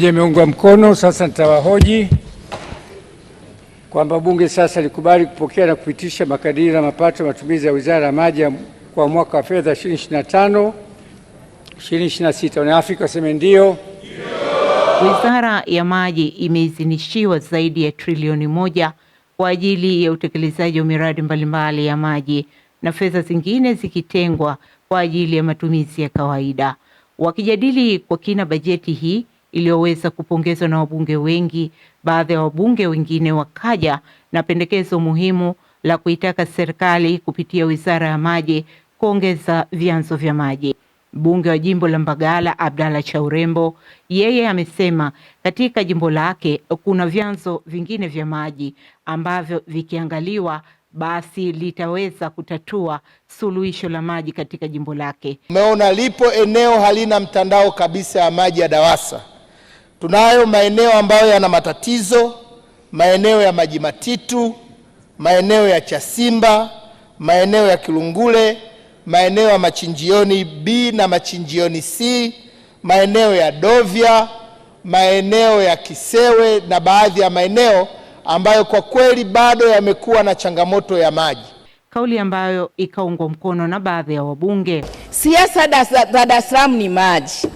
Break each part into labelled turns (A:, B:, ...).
A: Imeungwa mkono. Sasa nitawahoji kwamba bunge sasa likubali kupokea na kupitisha makadirio na mapato ya matumizi ya wizara ya maji kwa mwaka wa fedha 2025 2026. Wanaafrika waseme ndio.
B: Wizara ya Maji imeidhinishiwa zaidi ya trilioni moja kwa ajili ya utekelezaji wa miradi mbalimbali ya maji na fedha zingine zikitengwa kwa ajili ya matumizi ya kawaida. Wakijadili kwa kina bajeti hii iliyoweza kupongezwa na wabunge wengi. Baadhi ya wabunge wengine wakaja na pendekezo muhimu la kuitaka serikali kupitia Wizara ya Maji kuongeza vyanzo vya maji. Mbunge wa jimbo la Mbagala Abdalla Chaurembo yeye amesema katika jimbo lake kuna vyanzo vingine vya maji ambavyo vikiangaliwa basi litaweza kutatua suluhisho la maji katika jimbo lake.
C: Umeona lipo eneo halina mtandao kabisa ya maji ya DAWASA Tunayo maeneo ambayo yana matatizo, maeneo ya maji matitu, maeneo ya Chasimba, maeneo ya Kilungule, maeneo ya machinjioni B na machinjioni C, maeneo ya Dovya, maeneo ya Kisewe na baadhi ya maeneo ambayo kwa kweli bado yamekuwa na changamoto ya maji,
B: kauli ambayo ikaungwa mkono na baadhi ya wabunge.
D: Siasa za Dar es Salaam ni maji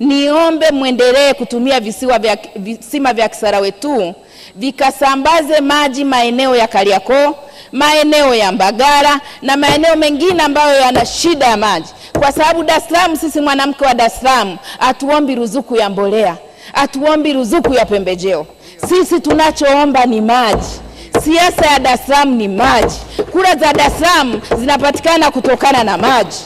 D: Niombe mwendelee kutumia visiwa vya, visima vya Kisarawe tu vikasambaze maji maeneo ya Kariakoo, maeneo ya Mbagala na maeneo mengine ambayo yana shida ya maji, kwa sababu Dar es Salaam, sisi mwanamke wa Dar es Salaam hatuombi ruzuku ya mbolea, hatuombi ruzuku ya pembejeo. Sisi tunachoomba ni maji. Siasa ya Dar es Salaam ni maji. Kura za Dar es Salaam zinapatikana kutokana na maji.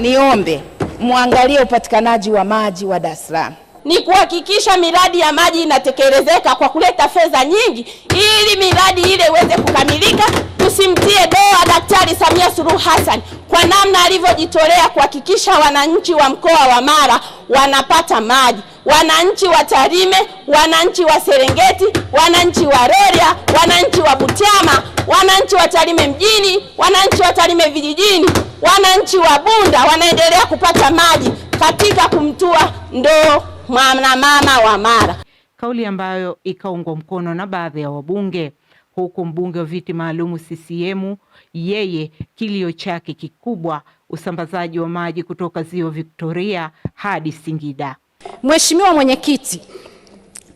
D: Niombe muangalie upatikanaji wa maji wa Dar es Salaam
E: ni kuhakikisha miradi ya maji inatekelezeka kwa kuleta fedha nyingi ili miradi ile iweze kukamilika. Tusimtie doa Daktari Samia Suluhu Hassan kwa namna alivyojitolea kuhakikisha wananchi wa mkoa wa Mara wanapata maji wananchi wa Tarime, wananchi wa Serengeti, wananchi wa Rorya, wananchi wa Butiama, wananchi wa Tarime mjini, wananchi wa Tarime vijijini, wananchi wa Bunda wanaendelea kupata maji katika kumtua ndoo mwana mama wa Mara,
B: kauli ambayo ikaungwa mkono na baadhi ya wabunge huku mbunge wa viti maalumu CCM yeye kilio chake kikubwa usambazaji wa maji kutoka ziwa Victoria hadi Singida.
F: Mheshimiwa Mwenyekiti,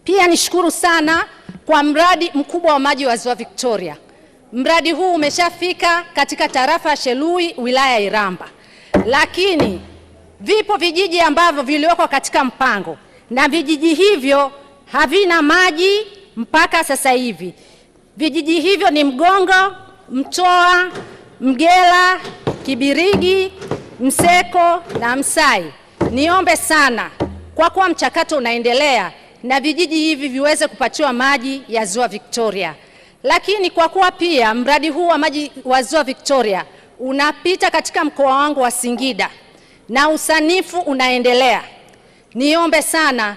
F: pia nishukuru sana kwa mradi mkubwa wa maji wa Ziwa Victoria. Mradi huu umeshafika katika tarafa ya Shelui, wilaya ya Iramba, lakini vipo vijiji ambavyo viliwekwa katika mpango na vijiji hivyo havina maji mpaka sasa hivi. Vijiji hivyo ni Mgongo, Mtoa, Mgela, Kibirigi, Mseko na Msai. Niombe sana kwa kuwa mchakato unaendelea na vijiji hivi viweze kupatiwa maji ya Ziwa Victoria, lakini kwa kuwa pia mradi huu wa maji wa Ziwa Victoria unapita katika mkoa wangu wa Singida na usanifu unaendelea, niombe sana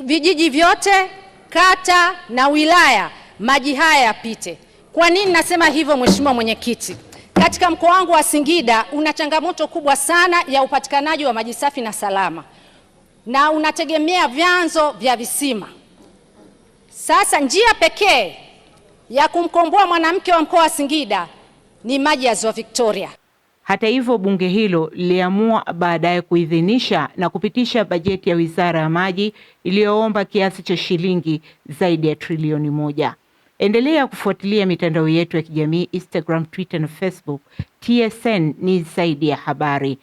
F: vijiji vyote, kata na wilaya, maji haya yapite. Kwa nini nasema hivyo, Mheshimiwa Mwenyekiti? Katika mkoa wangu wa Singida una changamoto kubwa sana ya upatikanaji wa maji safi na salama na unategemea vyanzo vya visima. Sasa njia pekee ya kumkomboa mwanamke wa mkoa wa Singida ni maji ya Ziwa Victoria.
B: Hata hivyo, bunge hilo liliamua baadaye kuidhinisha na kupitisha bajeti ya Wizara ya Maji iliyoomba kiasi cha shilingi zaidi ya trilioni moja. Endelea kufuatilia mitandao yetu ya kijamii Instagram, Twitter na Facebook. TSN ni zaidi ya habari.